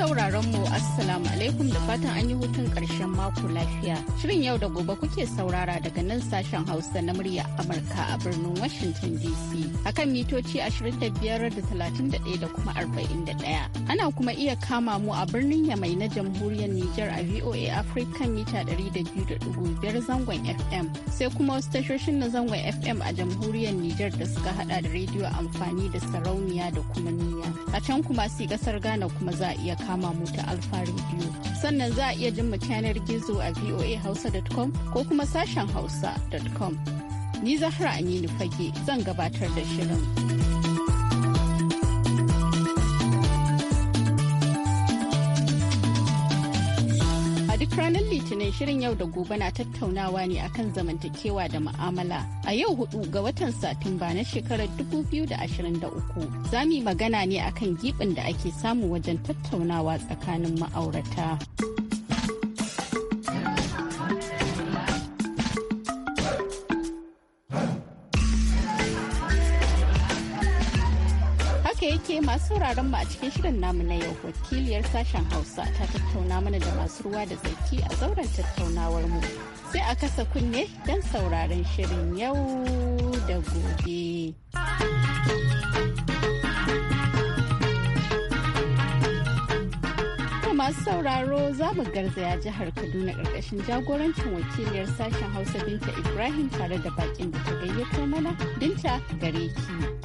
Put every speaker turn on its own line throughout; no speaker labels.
sauraron mu assalamu alaikum da fatan an yi hutun ƙarshen mako lafiya. Shirin yau da gobe kuke saurara daga nan sashen Hausa na murya Amurka a birnin Washington DC akan mitoci 25 da 31 da kuma 41. Ana kuma iya kama mu a birnin Yamai na jamhuriyar niger a VOA Africa mita 200.5 zangon FM sai kuma wasu tashoshin na zangon FM a jamhuriyar niger da suka hada da rediyo amfani da sarauniya da kuma niya. A can kuma si gasar Ghana kuma za a iya kama kama mu ta Alfa Radio. Sannan za a iya jin mu yanar gizo a voahausa.com ko kuma sashen hausa.com. Ni Zahra Aminu Fage zan gabatar da shirin. shirin yau da gobe na tattaunawa ne akan zamantakewa da ma'amala A yau hudu ga watan Satumba na shekarar 2023 za mu yi magana ne akan gibin da ake samu wajen tattaunawa tsakanin ma'aurata. masu sauraron mu a cikin shirin namu na yau wakiliyar sashen Hausa ta tattauna mana da masu ruwa da tsaki a zauren tattaunawar mu. Sai a kasa kunne don sauraron shirin yau da gobe. masu sauraro za mu garzaya jihar Kaduna ƙarƙashin jagorancin wakiliyar sashen Hausa Binta Ibrahim tare da bakin da ta gayyato mana Binta gare ki.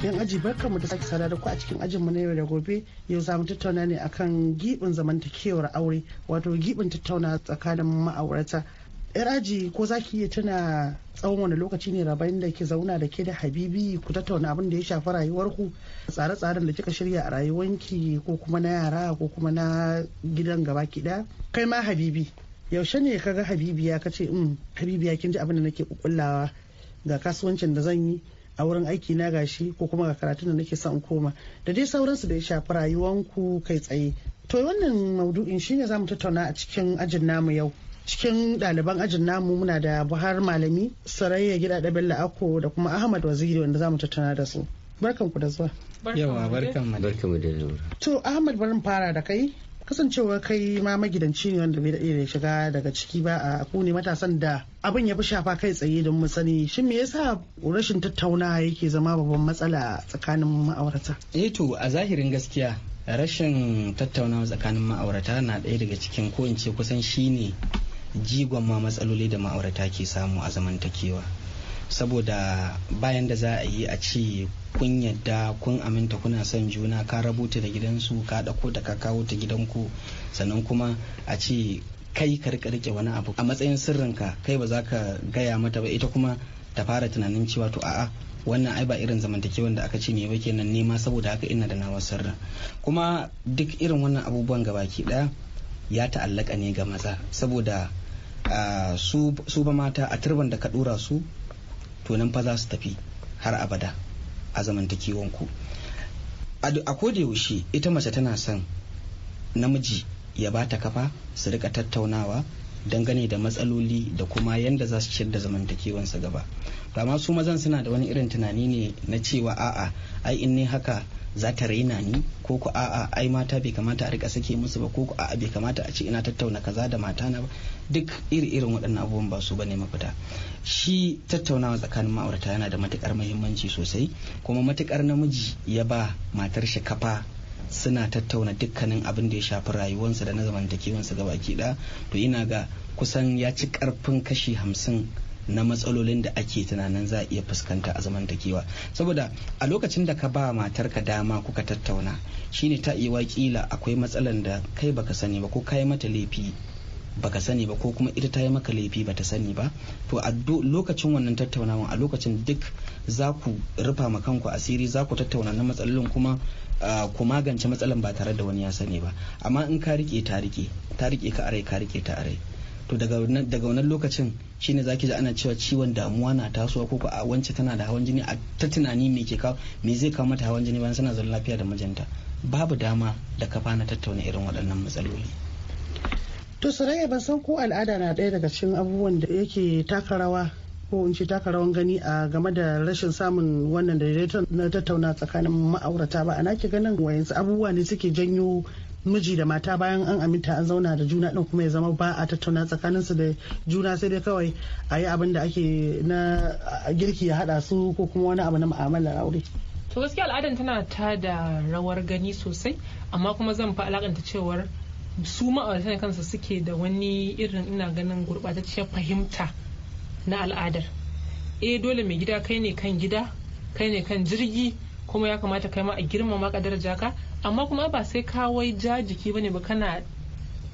yan aji barkanmu da sake sada da ku a cikin ajin mu na yau da gobe yau za mu tattauna ne akan gibin zamantakewar aure wato gibin tattauna tsakanin ma'aurata yar aji ko za ki iya tuna tsawon wani lokaci ne rabayin da ke zauna da ke da habibi ku tattauna abin da ya shafi rayuwarku tsare-tsaren da kika shirya a rayuwanki ko kuma na yara ko kuma na gidan gaba ki kai ma habibi yaushe ne ka ga habibiya ka ce mm, habibiya kin ji abin da nake kukullawa ga kasuwancin da zan yi a wurin aiki na gashi ko kuma ga karatun da nake son koma da dai sauransu da ya shafi ku kai tsaye to wannan maudu'in shine zamu tattauna a cikin ajin namu yau cikin ɗaliban ajin namu muna da buhar malami sarayya gida da bella ako da kuma ahmad waziri wanda zamu tattauna da su barkan da zuwa
yawa barkan mu da
to ahmad barin fara da kai kasancewa kai ma magidanci ne wanda bai daɗe da shiga daga ciki ba a ku ne matasan da abin ya fi shafa kai tsaye don mu sani shin me yasa
rashin tattauna yake zama babban matsala tsakanin ma'aurata eh to a zahirin gaskiya rashin tattaunawa tsakanin ma'aurata na ɗaya daga cikin ko in ce kusan shine jigon ma matsaloli da ma'aurata ke samu a zamantakewa saboda bayan da za a yi a ce kun yadda kun aminta kuna son juna ka rabuta da gidansu ka ko da ka kawo ta gidanku sannan kuma a ce kai ka rike wani abu a matsayin sirrinka kai ba za ka gaya mata ba ita kuma ta fara tunanin cewa to a'a wannan ai ba irin zamantakewan da aka ce me wake nan nema saboda haka ina da nawa sirrin kuma duk irin wannan abubuwan gabaki daya ya ta'allaka ne ga maza saboda ah, su ba mata a turban da ka dora su to nan fa za su tafi har abada a zamantakewan ku a koda yaushe ita mace tana son namiji ya ba ta kafa su rika tattaunawa dangane da matsaloli da kuma yadda za su ciyar da zamantakewansa gaba ba mazan suna da wani irin tunani ne na cewa a'a ai in ne haka za ta raina ni ko ku a'a ai mata bai kamata a rika sake musu ba ko ku a'a bai kamata a ce ina tattauna kaza da mata na ba duk iri-irin waɗannan abubuwan ba su bane mafita shi tattaunawa tsakanin ma'aurata yana da matukar muhimmanci sosai kuma matukar namiji ya ba matar shi kafa suna tattauna dukkanin abin da ya shafi rayuwarsa da na zamantakewarsa gaba ki to ina ga kusan ya ci karfin kashi hamsin na matsalolin da ake tunanin za a iya fuskanta a zamantakewa saboda a lokacin da ka ba matarka dama kuka tattauna shine ta iya kila akwai matsalan da kai baka sani ba ko kai mata laifi baka sani ba ko kuma ita ta yi maka laifi bata sani ba to a lokacin wannan tattaunawa a lokacin duk za ku rufa ma kanku asiri za ku tattauna na matsalolin kuma ah, ku magance matsalan ba tare da wani ya sani ba amma in ka rike ta rike ta rike ka arai ka rike ta arai to daga wannan lokacin shine zaki ji ana cewa ciwon damuwa na tasowa ko a wance tana da hawan jini a ta tunani me ke kawo me zai kawo mata hawan jini bayan suna zaune lafiya da mijinta babu dama da kafa na tattauna irin waɗannan matsaloli
to sarayya ban san ko al'ada na ɗaya daga cikin abubuwan da yake taka rawa ko in ce taka rawan gani a game da rashin samun wannan daidaiton na tattauna tsakanin ma'aurata ba ana ke ganin wayansu abubuwa ne suke janyo miji da mata bayan an aminta an zauna da juna din kuma ya zama ba a tattauna tsakanin su da juna sai dai kawai a yi abin da ake na girki ya haɗa su ko kuma wani abu na ma'amalar aure
to gaskiya al'adar tana ta da rawar gani sosai amma kuma zan fa alakanta cewar su ma'auratan kansu suke da wani irin ina ganin gurbatacciyar fahimta na al'adar eh dole mai gida kai ne kan gida kai ne kan jirgi kuma ya kamata kai ma a girmama ka daraja ka amma kuma ba sai kawai ja jiki ne ba kana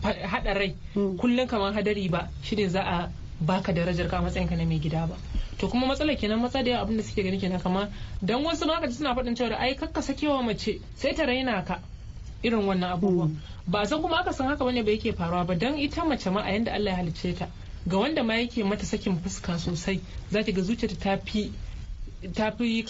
hada rai hmm. kullum kamar hadari ba ne za a baka darajar ka matsayinka na mai gida ba to kuma matsala kenan matsa da abin da suke gani kenan kama dan wasu ma suna faɗin cewa ai kakka sakewa mace sai ta raina ka irin wannan abubuwa. Hmm. ba san kuma aka san haka bane ba yake faruwa ba dan ita mace ma a yanda Allah ya halicce ta ga wanda ma yake mata sakin fuska sosai zaki ga zuciyarta ta fi ta fi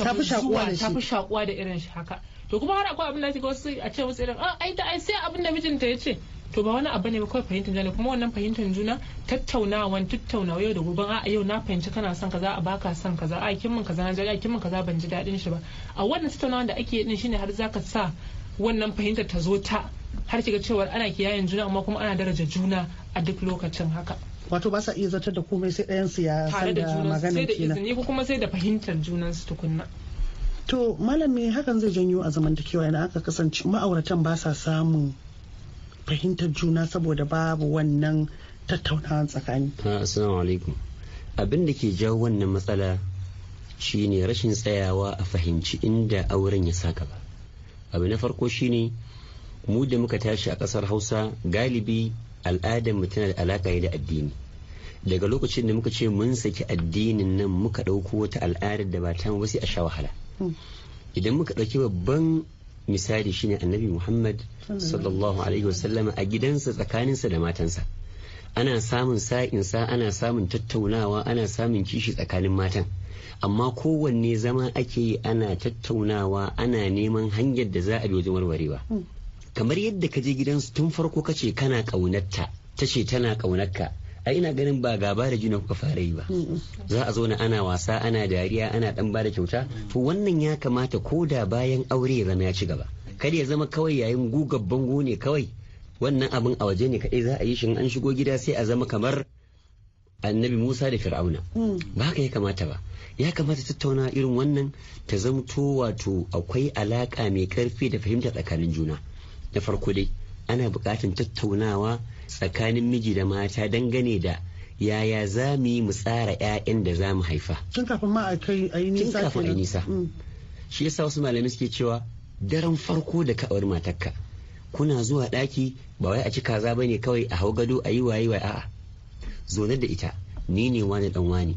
shakuwa da irin shi haka to kuma har akwai abin da ga wasu a ce wasu irin ah, ai da ai sai abin da mijinta ya ce to ba wani abu ne ba kawai fahimtar juna kuma wannan fahimtar juna tattaunawan tattaunawa yau da gobe a ah, yau na fahimci kana son kaza a baka son kaza a kin min kaza na jira kin min kaza ban ji dadin shi ba a wannan tattaunawan da ake din shine har zaka sa wannan fahimtar ta zo ta har kiga cewa ana kiyayen juna amma kuma ana daraja juna a duk lokacin haka
wato ba sa iya zartar da komai sai ɗayan su ya san da maganar kenan da
izini ko kuma sai da fahimtar su tukunna
to malami hakan zai janyo a zamantakewa idan aka kasance ma'auratan ba sa samun fahimtar juna saboda babu wannan tattaunawa tsakani
assalamu alaikum abin da ke jawo wannan matsala shine rashin tsayawa a fahimci inda auren ya saka ba abu na farko shine mu da muka tashi a kasar hausa galibi al'adar mu tana da alaka da addini daga lokacin da muka ce mun saki addinin nan muka ɗauko wata al'adar da ba ta ba a sha wahala idan muka ɗauki babban misali shine annabi muhammad
sallallahu
alaihi wasallama a gidansa tsakaninsa da matansa ana samun sa'insa ana samun tattaunawa ana samun kishi tsakanin matan amma kowanne zama ake yi ana tattaunawa ana neman hanyar da za a bi wajen warwarewa hmm. kamar yadda ka je gidansu tun farko kace kana ƙaunarta tace tana ƙaunarka a ina ganin ba gaba da juna kuka fara yi ba za a zauna ana wasa ana dariya ana dan bada kyauta to wannan ya kamata ko da bayan aure ya zama ya ci gaba kada ya zama kawai yayin gugar bango ne kawai wannan abin a waje ne kadai za a yi shin an shigo gida sai a zama kamar annabi musa da fir'auna mm. ba haka ya kamata ba ya kamata tattauna irin wannan ta zamto wato akwai alaka mai karfi da fahimta tsakanin juna na farko dai ana buƙatar tattaunawa tsakanin miji da mata dangane da yaya za mu yi mu tsara 'ya'yan da za mu haifa tun kafin ma a yi nisa kafin a nisa mm. shi yasa wasu malamai suke cewa daren farko da ka auri matarka kuna zuwa ɗaki ba wai a ci kaza ba ne kawai a hau gado a yi waye waye a'a zonar da ita ni ne wani dan wani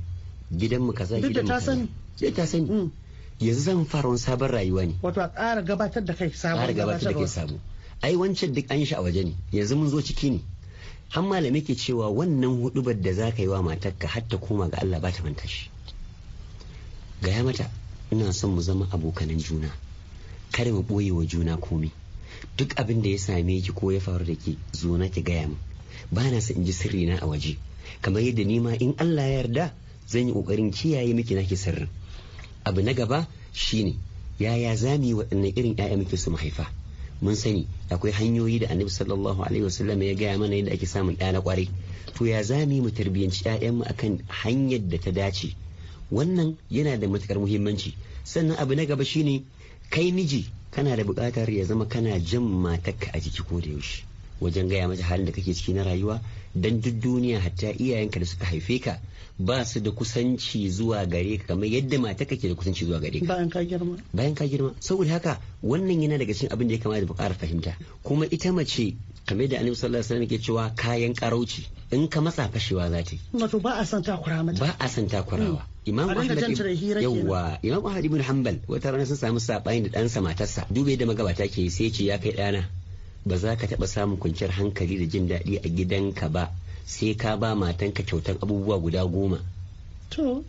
gidan mu kaza gidan mu kaza duk ta sani mm. yanzu zan fara wani sabon rayuwa ne wato
a ƙara gabatar da kai sabon ƙara gabatar
da kai sabon. ai wancan duk an shi a waje ne yanzu mun zo ciki ne har malamai ke cewa wannan hudubar da za ka yi wa matarka har ta koma ga Allah ba ta manta shi gaya mata ina son mu zama abokanan juna kada mu boye wa juna komai duk abin da ya same ki ko ya faru da ki zo na ki gaya mun ba na son in ji sirri na a waje kamar yadda ni ma in Allah ya yarda zan yi kokarin kiyaye miki naki sirrin abu na gaba shine yaya zamu mu yi waɗannan irin 'ya'ya muke su mahaifa mun sani akwai hanyoyi da annabi sallallahu alaihi wasallam ya gaya mana yadda ake samun ɗa na kwarai to ya zami mu tarbiyyanci ƴaƴanmu akan hanyar da ta dace wannan yana da matukar muhimmanci sannan abu na gaba shine kai miji kana da buƙatar ya zama kana jan matarka a jiki ko da yaushe wajen gaya mata halin da kake ciki na rayuwa dan duk duniya hatta iyayenka da suka haife ka ba su da kusanci zuwa gare ka kamar yadda mata kake da kusanci zuwa gare ka bayan ka girma bayan ka girma saboda haka wannan yana daga cikin abin da ya kamata da ƙara fahimta kuma ita mace kamar da annabi sallallahu alaihi wasallam ke cewa kayan karauci in ka matsa fashewa za ta yi wato ba a san takura mata ba a san takurawa mm. Imam Ahmad yawa Imam Ahmad ibn Hanbal wata rana sun samu sabani da ɗansa matarsa dube da magabata ke sai ce ya kai dana ba za ka taɓa samun kwanciyar hankali da jin daɗi a gidanka ba sai ka ba matanka kyautar abubuwa guda goma to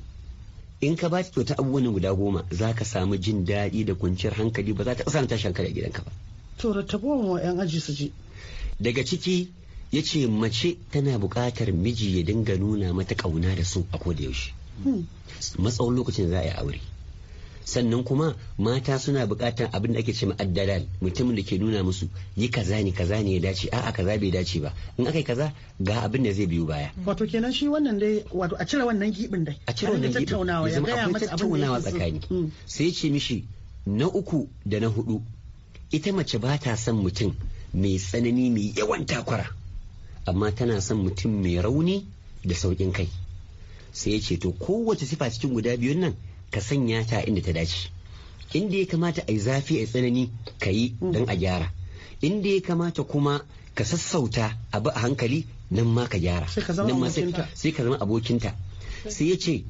in ka ba ta kyautar abubuwan guda goma za ka samu jin daɗi da kwanciyar hankali ba za ta samun tashin hankali a gidanka ba to rattabuwan wa 'yan aji su ji daga ciki ya ce mace tana buƙatar miji ya dinga nuna mata ƙauna da su a koda yaushe hmm. matsawon lokacin za a yi aure sannan kuma mata suna bukatan abin da ake ce addalal mutumin da ke nuna musu yi kaza ne kaza ne ya dace a'a kaza bai dace ba in aka yi kaza ga abin da zai biyo
baya wato kenan shi wannan dai wato a cire wannan gibin dai a cire wannan gibin tattaunawa ya ga mata tattaunawa
tsakani mm. sai ce mishi na uku da na hudu ita mace ba ta son mutum mai tsanani mai yawan takwara amma tana son mutum mai rauni da sauƙin kai sai ya ce to kowace sifa cikin guda biyun nan ka sanya ta inda ta dace inda ya kamata a yi zafi a tsanani ka yi don a gyara inda ya kamata kuma ka sassauta abu a hankali nan ma ka gyara sai ka zama abokinta sai ya ce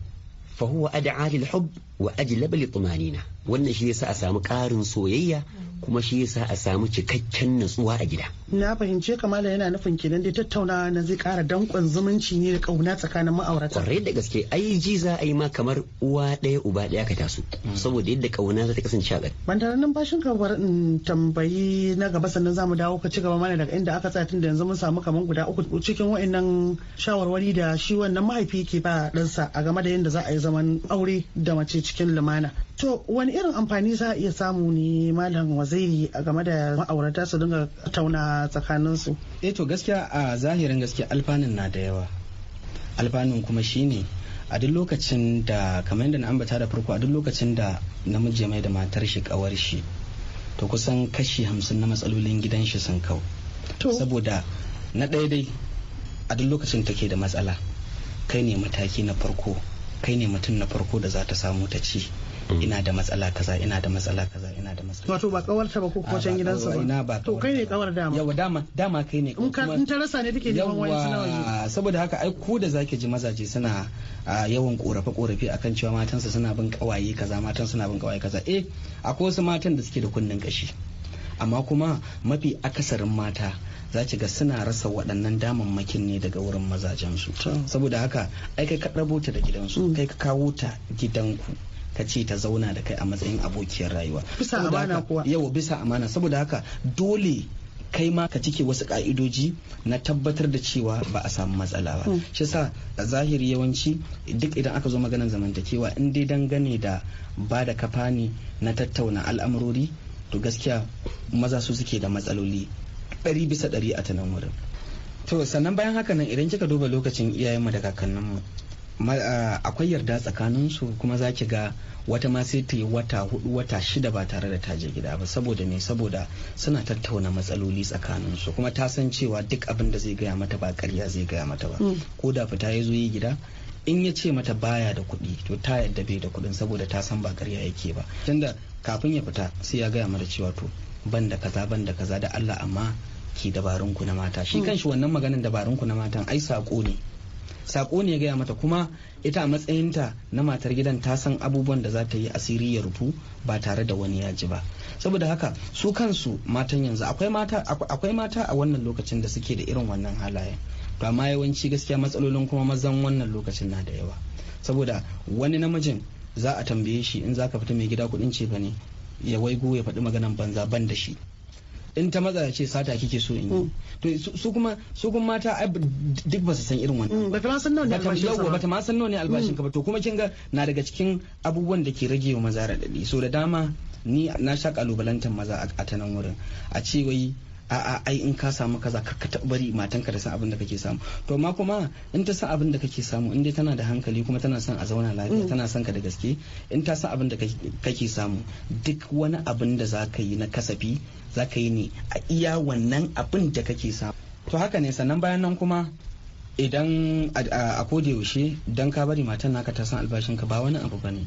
fahuwa ad'a lil hub wa ajlaba li tumanina wannan shi yasa a samu ƙarin soyayya kuma shi yasa a samu cikakken nutsuwa a gida
na fahimce kamala yana nufin kenan da tattaunawa na zai kara dankon zumunci ne da kauna tsakanin ma'aurata
kwarai da gaske ai ji za a yi ma kamar uwa ɗaya uba ɗaya ka taso hmm. saboda yadda kauna za ta kasance a
ban tare nan bashin ka in tambayi na gaba sannan zamu dawo ka ci gaba mana daga inda aka tsaya tun da yanzu mun samu kamar guda uku cikin wa'annan shawarwari da shi wannan mahaifi ke ba ɗansa a game da yadda za a yi zaman aure da mace cikin lumana To wani irin amfani za a iya samu ne malam waziri game da ma'aurata su dinga tauna tsakaninsu?
Eh to gaskiya a zahirin gaskiya alfanun na da yawa. Alfanun kuma shine a duk lokacin da kamar yadda na ambata da farko a duk lokacin da namiji mai da matar shi kawar shi to kusan kashi hamsin na matsalolin gidan shi sun kau. Saboda na ɗaya dai a duk lokacin take da matsala kai ne mataki na farko kai ne mutum na farko da za ta samu ta ci. Mm. ina da matsala kaza ina da matsala kaza ina da
matsala wato ba kawar ta ba ko ko can gidansa ba ina ba to kai ne kawar dama yawa dama dama kai ne in ka in ta rasa ne take neman wani suna waje
saboda haka ai ko da zaki ji mazaje suna yawan korafe korafe akan cewa matansa suna bin kawaye kaza matan suna bin kawaye kaza eh akwai wasu matan da suke da kunnen kashi amma kuma mafi akasarin mata za ga suna rasa waɗannan damammakin ne daga wurin mazajensu saboda haka ai kai ka ɗabo ta da gidansu mm. kai ka kawo ta gidanku ka ce ta zauna da kai a matsayin abokiyar rayuwa bisa amana kuwa yau bisa amana saboda haka dole kai ma ka cike wasu ka'idoji na tabbatar da cewa ba a samu matsala ba hmm. shi sa a zahiri yawanci duk idan aka zo maganar zamantakewa in dai dangane da ba da kafa ne na tattauna al'amurori to gaskiya maza su suke da matsaloli ɗari bisa ɗari a tanan wurin to sannan bayan haka nan idan kika duba lokacin iyayenmu da kakanninmu akwai yarda tsakanin su kuma za ki ga wata ma sai ta yi wata hudu wata shida ba tare da ta je gida ba saboda me saboda suna tattauna matsaloli tsakanin su kuma ta san cewa duk abin da zai gaya mata ba karya zai gaya mata ba hmm. ko da fita ya zo yi gida in ya ce mata baya da kuɗi to ta yadda bai da kuɗin saboda ta san ba karya yake ba tunda kafin ya fita sai ya gaya mata cewa to ban da kaza ban da kaza da Allah amma ki dabarun ku na mata shi hmm. kanshi wannan maganin dabarun ku na matan ai sako ne sako ne ya gaya mata kuma ita a matsayinta na matar gidan ta san abubuwan da za ta yi asiri ya rufu ba tare da wani yaji ba saboda haka su kansu matan yanzu akwai mata akwai mata a wannan lokacin da suke da irin wannan halayen to amma yawanci gaskiya matsalolin kuma mazan wannan lokacin na da yawa saboda wani namijin za a tambaye shi in za ka fita mai gida kudin ce ba ne ya waigo ya faɗi maganan banza ban da shi in ta matsa ce sata kike so in yi mm. to su kuma su kuma mata duk ba su san irin wannan mm, ba ta ma san nawa ne albashin ka ba ta ma san ne albashin ka to kuma kin ga na daga cikin abubuwan da ke rage wa maza radadi so da dama ni na sha kalubalantar maza a tanan wurin a ce wai a'a ai in ka samu kaza ka taɓa bari matanka da san abin da kake samu to ma kuma in ta san abin da kake samu in dai tana da hankali kuma tana son a zauna lafiya mm. tana son ka da gaske in ta san abin da kake samu duk wani abin da za ka yi na kasafi za ka yi ne a iya wannan abin da kake samu to haka ne sannan bayan nan kuma idan a koda yaushe dan ka bari matan naka ta san ka. ba wani abu bane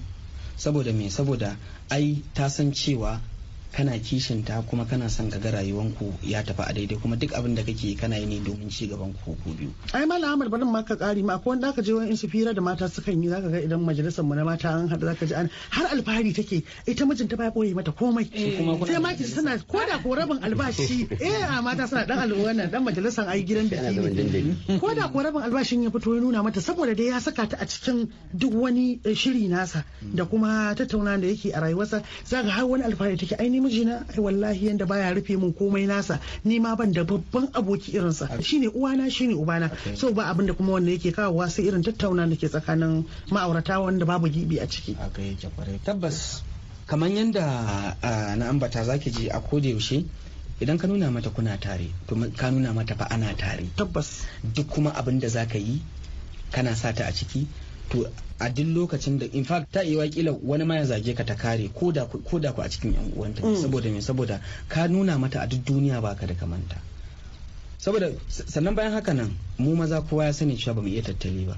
saboda me saboda ai ta san cewa kana kishinta kuma kana son ka ga rayuwanku ya tafi a daidai kuma duk abin da kake kana yi ne domin ci gaban ku ku biyu
ai malam Ahmad barin ma ka kari ma akwai wanda aka je wani su fira da mata sukan yi zaka ga idan majalisar mu na mata an hada zaka ji an har alfahari take ita mijinta ba koyi mata komai eh, sai ma ki suna ko da ko rabin albashi eh a mata suna dan alwana dan majalisar ai gidan da ke ko da ko rabin albashin ya fito ya nuna mata saboda dai ya saka ta a cikin duk wani eh, shiri nasa da kuma tattauna da yake a rayuwarsa zaka har wani alfahari take ainihin mijina ai wallahi yanda baya rufe min komai nasa ni ma ban da babban aboki irinsa shine uwana shine ubana so ba abin da kuma wanda yake kawowa sai irin tattauna da ke tsakanin ma'aurata wanda babu gibi a ciki
tabbas kamar yadda na ambata zaki ji a koda yaushe idan ka nuna mata kuna tare to ka nuna mata fa ana tare tabbas duk kuma abin da zaka yi kana sata a ciki to a duk lokacin da in fact ta iya kila wani ma ya zage ka ta kare ko da ku a cikin yan uwanta mm. saboda me saboda ka nuna mata a duk duniya baka da kamanta saboda sannan bayan haka nan mu maza kowa ya sani cewa mu iya tattali ba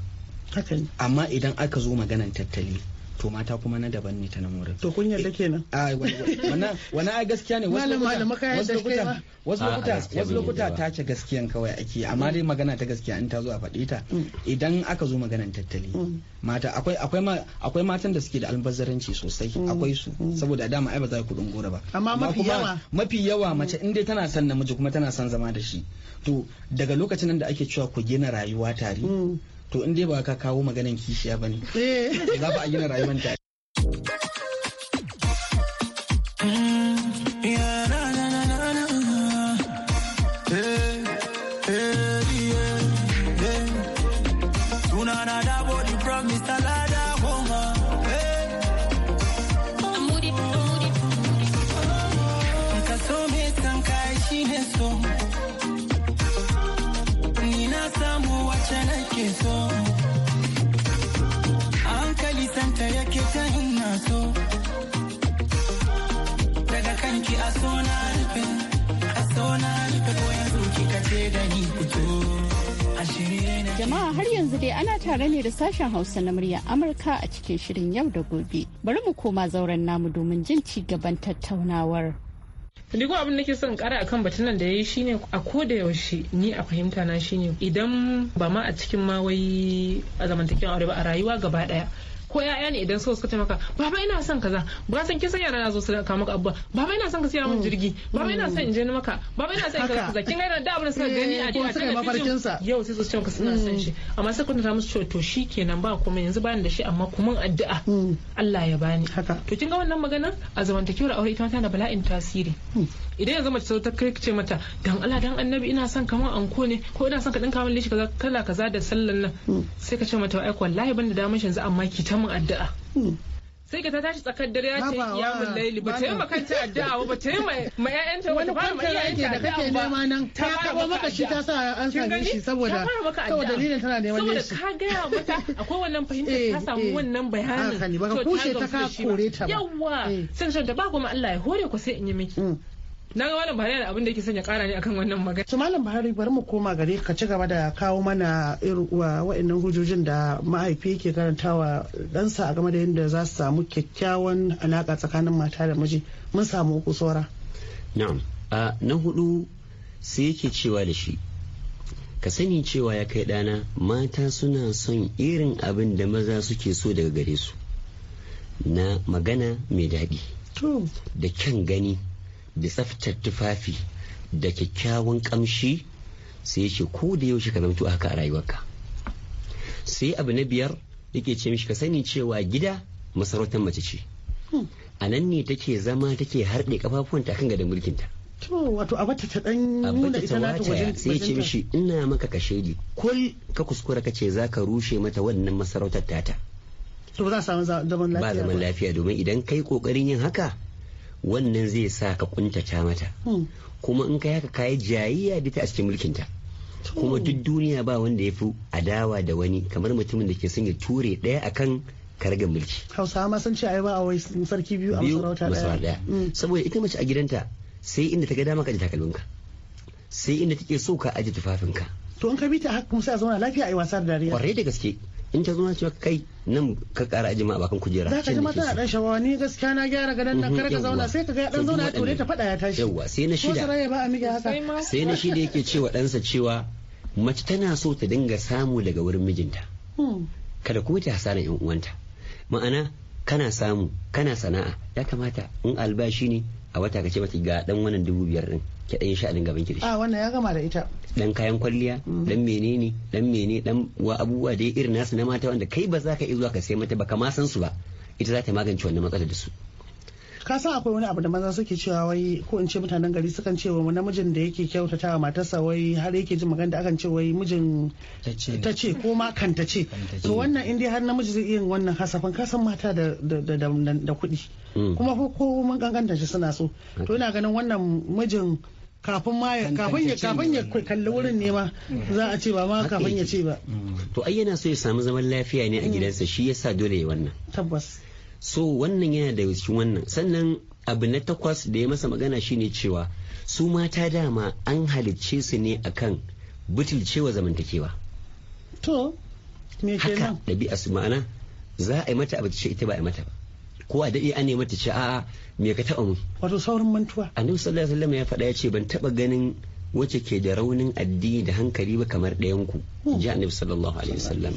amma idan aka zo maganan tattali to mata kuma na daban ne ta nan wurin to kun yarda eh, kenan a wannan wannan ai gaskiya ne wasu lokuta wasu lokuta wasu ah, lokuta ta ce gaskiyan kawai ake amma dai magana ta gaskiya in ta zo a faɗi ta mm. idan aka zo maganan tattali mm. mata akwai akwai akwai matan da suke da albazzaranci sosai mm. akwai su saboda dama ai ba za ku kudin gora ba amma mafi yawa mafi yawa mace in dai tana son namiji kuma tana son zama da shi to daga lokacin da ake cewa ku gina rayuwa tare to in dai ba ka kawo maganin kishiya ba ne eh. za ba a gina rayuwar ta
Jama'a
har yanzu dai ana tare ne da sashen Hausa na murya Amurka a cikin shirin yau da gobe. Bari mu koma zauren namu domin jin ci gaban tattaunawar.
duk abin da ke son kara akan batun da ya yi shine a ko da yaushe ni a fahimta na shine idan ba ma a cikin ma wai a zamantakewa ba a rayuwa gaba daya ko ya'ya ne idan so suka ce maka baba ina son kaza ba san kin san yara na zo su ka maka abba baba ina son ka siya min mm. jirgi baba ina son in je maka baba ina son kaza kaza kin ga da abin suka eh, gani a cikin yau sai su ce maka suna son shi mm. amma sai kun ta musu cewa to shikenan ba kuma yanzu bani da shi amma kuma addu'a mm. Allah ya bani to kin ga wannan magana a zamantakewar aure ita tana da bala'in tasiri idan yanzu mace ta kai ce mata dan Allah dan annabi ina son kamar anko ne ko ina son ka dinka min lishi kaza kala kaza da sallan nan sai ka ce mata ai wallahi banda da damar yanzu amma ki ta samun addu'a hmm. sai ka ta tashi tsakar dare ya ce ya mun laili ba ta yi ma kanta addu'a ba ba ta yi ma ƴaƴanta wani ta fara ake
da kake nema nan ta karbo maka shi ta sa an same shi saboda saboda dalilin tana neman ne saboda ka gaya mata akwai wannan fahimtar eh, ta samu eh. wannan bayanin to ta kushe ta ba
yawa eh. sai ta ba kuma Allah ya hore ku sai in yi miki hmm. na ga malam bahari abin da yake sanya kara ne akan wannan magana to malam bahari bari mu koma gare ka ci
gaba da kawo mana irin uh, wa'annan hujojin da mahaifi yake karantawa ɗansa a game da yadda za su samu kyakkyawan alaka tsakanin mata da miji mun samu uku saura
na'am a na hudu sai yake cewa da shi ka sani cewa ya kai ɗana mata suna son irin abin da maza suke so daga gare su na magana mai daɗi da kyan gani da tsaftar tufafi da kyakkyawan kamshi sai ya ce ko da yaushe ka zamto haka a rayuwarka sai abu na biyar yake ce mishi ka sani cewa gida masarautar mace ce a nan ne take zama take harɗe kafafuwanta kan gadon mulkinta
ta wato a bata ta dan nuna ita na ta wajen sai ce mishi
ina maka ka shaidi kul ka kuskura ka ce zaka rushe mata wannan masarautar tata
to ba za a samu zaman lafiya ba zaman
lafiya domin idan kai kokarin yin haka wannan zai sa ka kuntata mata hmm. kuma in ka haka kayi jayayya bita a cikin mulkinta kuma duk duniya ba wanda ya fi adawa da wani kamar mutumin da ke son ya ture ɗaya akan kargan mulki hausawa ma sun ce ba a wai sarki
biyu a masarauta ɗaya
hmm. saboda ita mace a gidanta sai inda ta ga dama ka ji takalminka sai inda take so ka aje tufafinka
to in ka bi ta haka kuma sai a zauna lafiya a yi wasa da
dariya kwarai da gaske in ta zama cewa kai nan ka kara aji ma bakan kujera za ka ji mata dan
shawa ni gaskiya na gyara gadon nan mhm, kar ka zauna sai ka ga dan zauna to ta fada ya tashi
yawa sai na shida sai na shida yake cewa ɗansa cewa mace tana so ta dinga samu daga wurin mijinta hmm. kada kuma ta hasara yan uwanta ma'ana kana samu kana sana'a ya kamata in albashi ne a wata ka ce mata ga dan wannan dubu biyar din ki ɗaya sha'anin gaban ki da shi a
ah, wannan ya gama da ita
dan kayan kwalliya mm-hmm. dan menene dan mene dan wa abubuwa da irin nasu na mata wanda kai ba za ka iya zuwa ka sai mata ba ka ma san su ba ita za ta magance wannan matsalar da su
ka san akwai wani abu da maza suke cewa wai ko in ce mutanen gari sukan ce wa namijin da yake kyautata wa matarsa wai har yake jin magana da akan ce wai mijin ta ce ko ma kan ta ce to wannan in dai har namiji zai iya wannan hasafin ka san mata da kuɗi mm. kuma ko mun kankanta shi suna so to ina ganin wannan mijin kafin ma kafin ya kafin ya kalli wurin ne ma mm. za a ce ba ma kafin ya ce ba
mm. to ai yana so ya samu zaman lafiya ne a mm. gidansa shi yasa dole ya wannan tabbas so wannan yana da cikin wannan sannan abu na takwas da ya masa magana shine cewa su mata dama an halicce su ne akan butulcewa zamantakewa to me kenan ɗabi'a su ma'ana za a yi mata abu ce ita ba a yi mata ba ko a daɗe an mata ce a'a me ka taɓa mun wato saurin mantuwa annabi sallallahu alaihi wasallam ya faɗa ya ce ban taɓa ganin wacce ke da raunin addini da hankali ba kamar ɗayan ku hmm. ji annabi sallallahu alaihi wasallam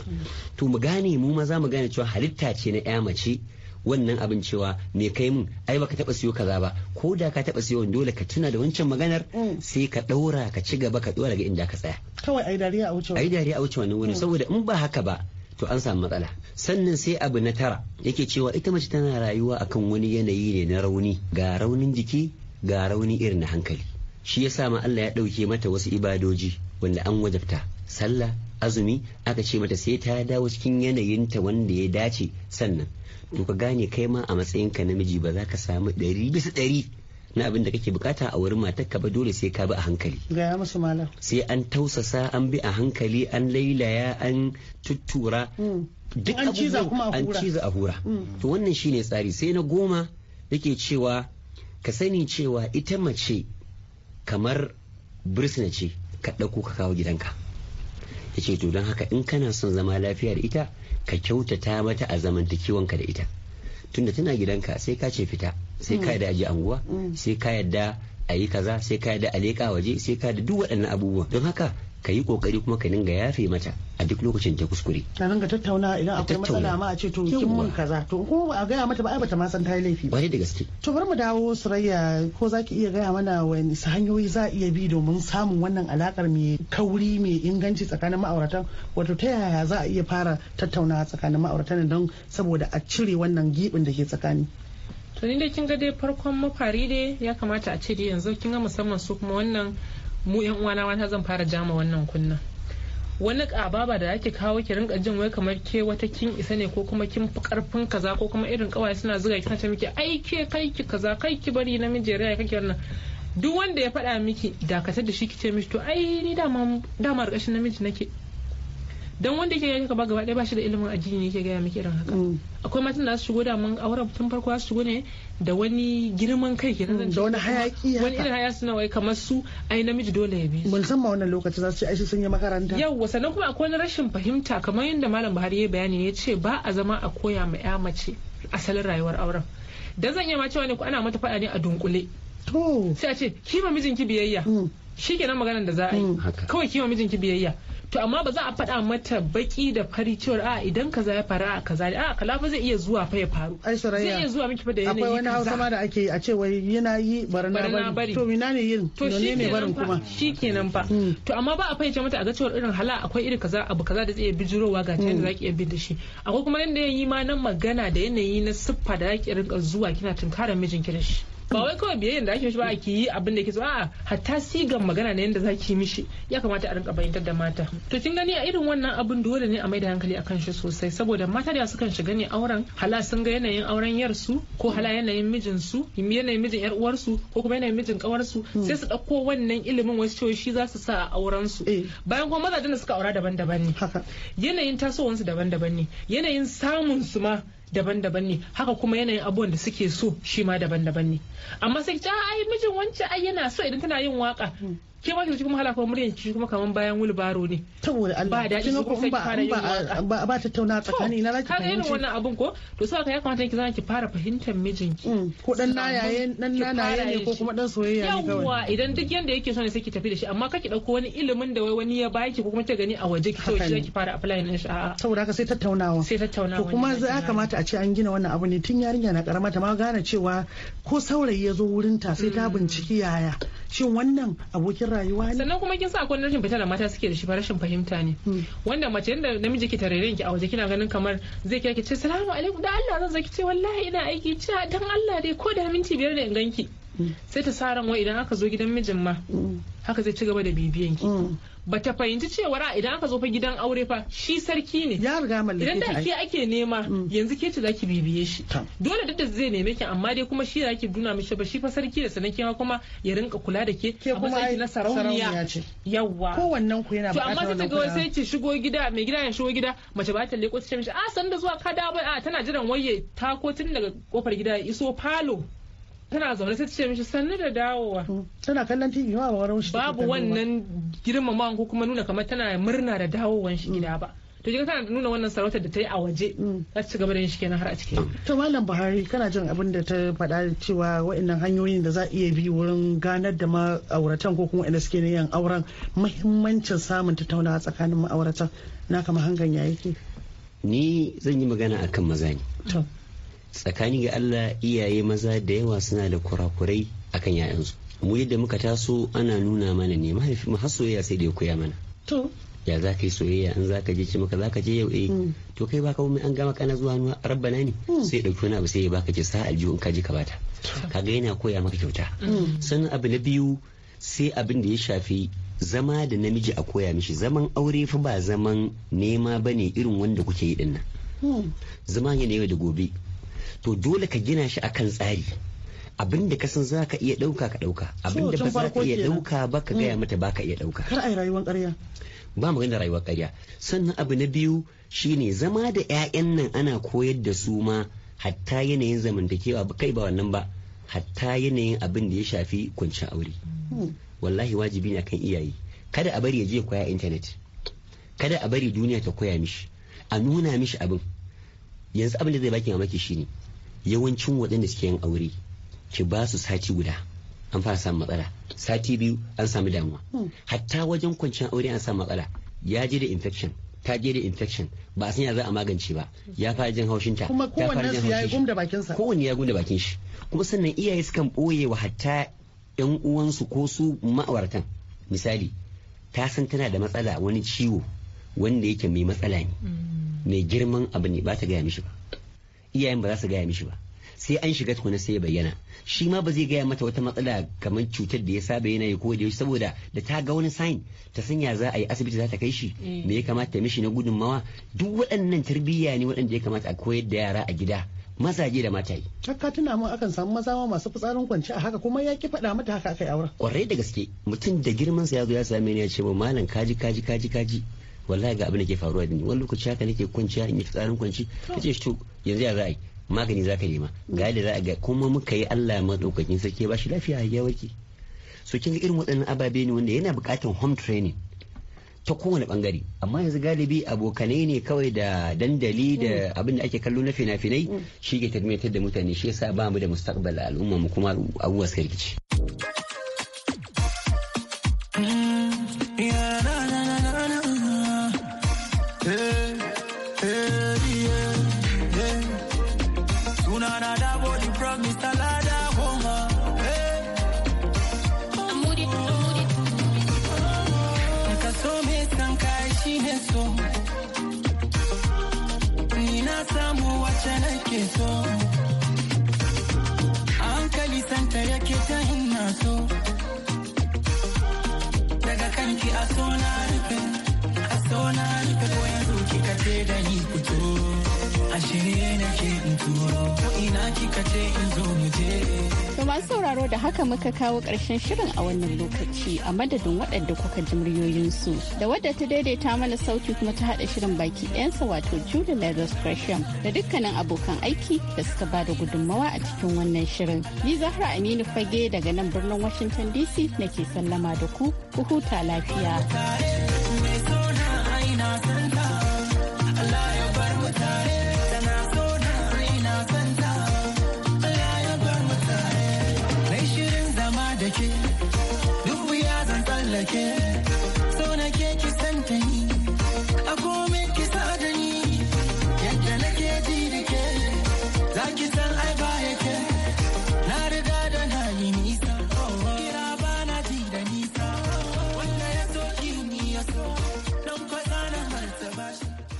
to mu gane mu maza mu gane cewa halitta ce na ƴa mace wannan abin cewa me kai mun ai baka taɓa siyo kaza ba ko da ka taɓa siyo dole ka tuna da wancan maganar hmm. sai ka ɗaura ka ci gaba ka ɗora ga inda ka tsaya
kawai ai dariya a wuce ai
dariya a wuce wannan wani hmm. saboda in ba haka ba to an samu matsala sannan sai abu na tara yake cewa ita mace tana rayuwa akan wani yanayi ne na rauni ga raunin jiki ga rauni irin na hankali shi yasa ma Allah ya ɗauke mata wasu ibadoji wanda an wajabta sallah azumi aka ce mata sai ta dawo cikin yanayinta wanda ya dace sannan to ka gane kai ma a matsayinka namiji ba za ka samu ɗari bisa ɗari na abin da kake bukata a wurin matarka ba dole sai ka bi a hankali
gaya musu malam
sai an tausasa an bi a hankali an lailaya an tuttura mm. duk an ciza a hura mm. to wannan shine tsari sai na goma yake cewa ka sani cewa ita mace kamar birsina ce ka ɗauko ka kawo gidanka yace to don haka in kana son zama lafiya da ita ka kyautata mata a zamantakewanka da ita tunda tana gidanka sai ka ce fita sai ka yadda aje anguwa mm. sai ka yadda a yi kaza sai ka yadda a leƙa waje sai ka yadda duk waɗannan abubuwan don haka ka yi kokari kuma ka dinga yafe mata a duk lokacin ta kuskure.
Ka dinga tattauna idan akwai matsala ma a ce to kin mun kaza to ko a gaya mata ba ai bata ma san ta yi laifi. Ba da gaske. To bari mu dawo Surayya ko za ki iya gaya mana wani hanyoyi za a iya bi domin samun wannan alakar mai kauri mai inganci tsakanin ma'auratan wato ta yaya za a iya fara tattaunawa tsakanin ma'auratan don saboda a cire wannan gibin da ke tsakani.
to ni dai kin ga dai farkon mafari dai ya kamata a ce dai yanzu kin ga musamman su kuma wannan mu yan uwana mata zan fara jama wannan kunna wani ƙababa da ake kawo ki rinka jin wai kamar ke wata kin isa ne ko kuma kin fi karfin kaza ko kuma irin kawai suna zuga ki ta miki ai ke kai ki kaza kai ki bari namiji rai kake wannan duk wanda ya faɗa miki dakatar da shi ki ce mishi to ai ni dama dama ƙarshen namiji nake dan wanda yake gaya ba gaba ɗaya ba shi da ilimin addini ne yake gaya miki irin haka mm. akwai matan da su shigo da mun auren tun farko su shigo ne da wani girman kai nan da wani hayaki wani irin hayaki suna wai kamar su ai namiji dole ya bi
mun san ma wannan lokacin za su ce ai sun yi makaranta
yawwa sannan kuma akwai wani rashin fahimta kamar yadda malam Buhari ya bayani ya ce ba a zama a koya ma ya mace asalin rayuwar auren dan zan iya ma cewa ne ko ana mata faɗa ne a dunkule To. sai a ce kima mijinki biyayya mm. shi kenan maganar da za a yi mm. kawai kima mijinki biyayya to amma ba za a faɗa mata baki da fari cewar a idan kaza ya faru a kaza a kala fa zai iya zuwa fa ya faru zai iya zuwa miki fa da yanayi akwai wani hausa ma da
ake a ce wai yana yi barna bari to
mina ne yin to ne ne barin kuma shikenan fa hmm. to amma ba a fayyace mata a ga cewar irin hala akwai irin kaza abu kaza da zai iya bijirowa ga ta yadda hmm. zaki iya bin da shi akwai kuma yanda yi ma nan magana da yanayi na siffa da zaki rinka zuwa kina tunkarar mijinki da shi ba wai kawai biyayyen da ake mishi ba ke yi abin da yake so a'a hatta sigan magana ne za zaki mishi ya kamata a rinka bayyantar da mata to kin gani a irin wannan abin dole ne a maida hankali akan shi sosai saboda mata da sukan shiga ne auren hala sun ga yanayin auren yar su ko hala yanayin mijin su yanayin mijin yar uwar su ko kuma yanayin mijin kawar su hmm. sai su dauko wannan ilimin wasu cewa shi za su sa a auren su eh. bayan kuma mazajen da suka aura daban-daban ne yanayin tasowansu daban-daban ne yanayin samun su ma daban-daban ne haka kuma yanayin abubuwan da suke so shi ma daban-daban ne amma sai ta ai mijin wancan ai yana so idan tana yin waka mm. ke ma ki kuma halakar muryan ki kuma kaman bayan wilbaro ne saboda Allah ba daɗi ko sai fara yin ba ba ta tauna tsakani na laki kaga irin wannan abun ko to sai ka ya kamata ki zaki fara fahimtar mijinki mm, ko dan nayaye dan nanaye ne ko kuma dan soyayya ne kawai yawa idan duk yanda yake so ne sai ki tafi da shi amma kaki dauko wani ilimin da wai wani ya baki ko kuma ta gani a waje ki to ki fara apply din shi a'a
saboda haka sai tattaunawa sai tattaunawa to kuma za kamata a ce an gina wannan abu ne tun yarinya na karamata ma gane cewa ko saurayi ya zo wurin ta sai ta mm. binciki yaya shin wannan
abokin rayuwa ne sannan kuma kin sa akwai rashin fita da mata suke da shi rashin fahimta ne mm. wanda mace da namiji ke tarere ki a waje kina ganin kamar zai kike ce salamu alaikum da Allah zan zaki ce wallahi ina aiki ce dan Allah dai ko da minti biyar da in ganki mm. sai ta sa idan aka zo gidan mijin ma haka zai ci gaba da bibiyan ki bata fahimci cewa a idan aka zo fa gidan aure fa shi sarki ne ya riga mallake idan da ke ake nema mm. yanzu ke ce zaki bibiye shi dole duk da zai neme ki amma dai kuma shi zaki duna mishi ba shi fa sarki da sanan kewa kuma ya rinka kula da ke a matsayin na sarauniya yawwa wannan ku yana bukatar wannan amma ta ga sai ki shigo gida mai gida ya shigo gida mace ba ta leko ta ce mishi a ah, san da zuwa kada bai a ah, tana jiran waye ta ko tun daga kofar gida ya iso falo tana zaune sai ce mishi sannu da dawowa hmm.
tana kallon tv ma ba wani
babu wannan girmamawa ko kuma nuna kamar tana murna da dawowan shi gida hmm. ba to kika tana nuna wannan sarautar da ta yi a waje hmm. za ta ci gaba da yin shi kenan har a cikin
to malam buhari kana jin abin da ta faɗa cewa waɗannan hanyoyin da za a iya bi wurin ganar da ma'auratan ko kuma inda suke yin auren muhimmancin samun tattaunawa tsakanin ma'auratan na kama hangan ya yake
ni zan yi magana akan maza ne tsakani ga allah iyaye maza da yawa suna da kurakurai akan 'ya'yansu mu yadda muka taso ana nuna mana ne mahaifi soyayya sai da ya koya mana to ya za ka yi soyayya in za ka je ce maka za ka je yau eh hmm. to kai baka mai an gama kana zuwa nuna na ne hmm. sai ɗauki wani abu sai ya baka ce sa aljihu in ka ji ka bata hmm. ka ga yana koya maka kyauta sannan abu na biyu sai abin da ya shafi zama da namiji a koya mishi zaman aure fa ba zaman nema ba ne irin wanda kuke yi dinnan zama ne yau da gobe to dole ka gina shi akan tsari abin da kasan za ka iya ɗauka ka ɗauka abin da ba za ka iya ɗauka ba ka gaya mm. mata ba ka iya ɗauka kar a yi rayuwar ƙarya ba magana rayuwar ƙarya sannan abu na biyu shine zama da 'ya'yan nan ana koyar da su ma hatta yanayin zamantakewa kai ba wannan ba hatta yanayin abin da ya shafi kuncin aure mm. wallahi wajibi ne kan iyaye kada a bari ya je koya intanet kada a bari duniya ta koya mishi a nuna mishi abin yanzu abin da zai baki maki shine yawancin waɗanda suke yin aure ki ba su sati guda an fara samun matsala sati biyu an samu damuwa hmm. hatta wajen kwanciyar aure an samu matsala ya je da infection ta je da infection ba a san ya za a magance ba ya fara jin haushin ta kuma fara ya yi gumda
bakin kowanne
ya gumda bakin shi kuma sannan iyaye sukan boye wa hatta yan uwansu ko su ma'auratan misali ta san tana da matsala wani ciwo wanda yake mai matsala ne hmm. mai girman abu ne ba ta gaya mishi ba iyayen ba za su gaya mishi ba sai an shiga tukuna sai ya bayyana shi ma ba zai gaya mata wata matsala kamar cutar da ya saba yana yi ko da saboda da ta ga wani sign ta sanya za a yi asibiti za ta kai shi mm. me ya kamata ta mishi na gudunmawa duk waɗannan tarbiyya ne waɗanda ya kamata a koyar da yara a gida mazaje da yi.
Haka tuna mun akan samu maza ma masu fitsarin kwanci a haka kuma ya ki faɗa mata haka aka yi auren.
Kwarai da gaske mutum da girman sa ya zo ya same ni ya ce ma malam kaji kaji kaji kaji wallahi ga abin da ke faruwa da ni wani lokaci haka nake kwanciya in yi fitsarin kwanci ce to yanzu ya za a yi magani za ka nema ga yadda za a ga kuma muka yi Allah madaukakin sarki ba shi lafiya ya warke so kin ga irin waɗannan ababe ne wanda yana buƙatar home training ta kowane bangare amma yanzu galibi abokanai ne kawai da dandali da mm. abin da ake kallo na fina-finai mm. shi ke tarmiyatar da mutane shi yasa ba mu da mustaqbal al'umma mu kuma abubuwa suka rikici
shirye
sauraro da haka muka kawo ƙarshen shirin a wannan lokaci a madadin waɗanda kuka ji muryoyinsu da wadda ta daidaita mana sauti kuma ta haɗa shirin baki ɗayansa wato Julie Leathers Gresham da dukkanin abokan aiki da suka ba da gudunmawa a cikin wannan shirin. Ni Zahra Aminu Fage daga nan birnin Washington DC nake sallama da ku, ku huta lafiya.